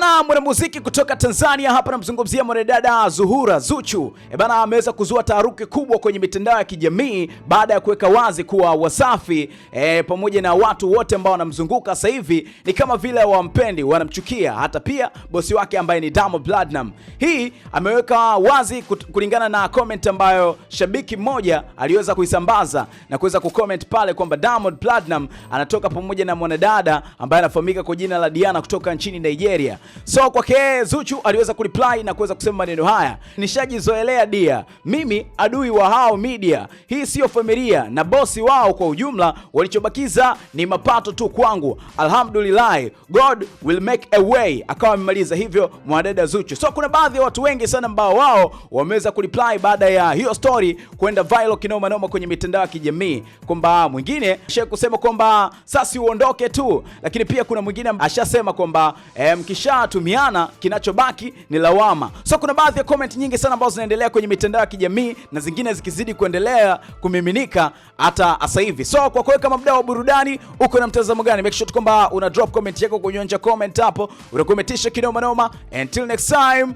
Ebana, mwanamuziki kutoka Tanzania hapa namzungumzia mwanadada Zuhura Zuchu. Ebana, ameweza kuzua taharuki kubwa kwenye mitandao ya kijamii baada ya kuweka wazi kuwa Wasafi e, pamoja na watu wote ambao wanamzunguka sasa hivi ni kama vile wampendi, wanamchukia, hata pia bosi wake ambaye ni Diamond Platnumz. Hii ameweka wazi kulingana na comment ambayo shabiki mmoja aliweza kuisambaza na kuweza kucomment pale kwamba Diamond Platnumz anatoka pamoja na mwanadada ambaye anafahamika kwa jina la Diana kutoka nchini Nigeria. So kwake Zuchu aliweza kureply na kuweza kusema maneno haya, nishajizoelea dia, mimi adui wa hao media, hii siyo familia na bosi wao. Kwa ujumla walichobakiza ni mapato tu kwangu, alhamdulillah, God will make a way. Akawa amemaliza hivyo mwadada Zuchu. So kuna baadhi ya watu wengi sana ambao wao wameweza kureply baada ya hiyo story kwenda viral kinoma noma kwenye mitandao ya kijamii, kwamba mwingine asha kusema kwamba sasa uondoke tu, lakini pia kuna mwingine ashasema kwamba eh, mkisha mkishatumiana kinachobaki ni lawama. So kuna baadhi ya comment nyingi sana ambazo zinaendelea kwenye mitandao ya kijamii na zingine zikizidi kuendelea kumiminika hata sasa hivi. So kwa kweli, kama mdau wa burudani, uko na mtazamo gani? Make sure kwamba una drop comment yako kwenye onja comment hapo, unakometisha kinoma noma. Until next time,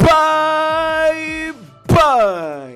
bye bye.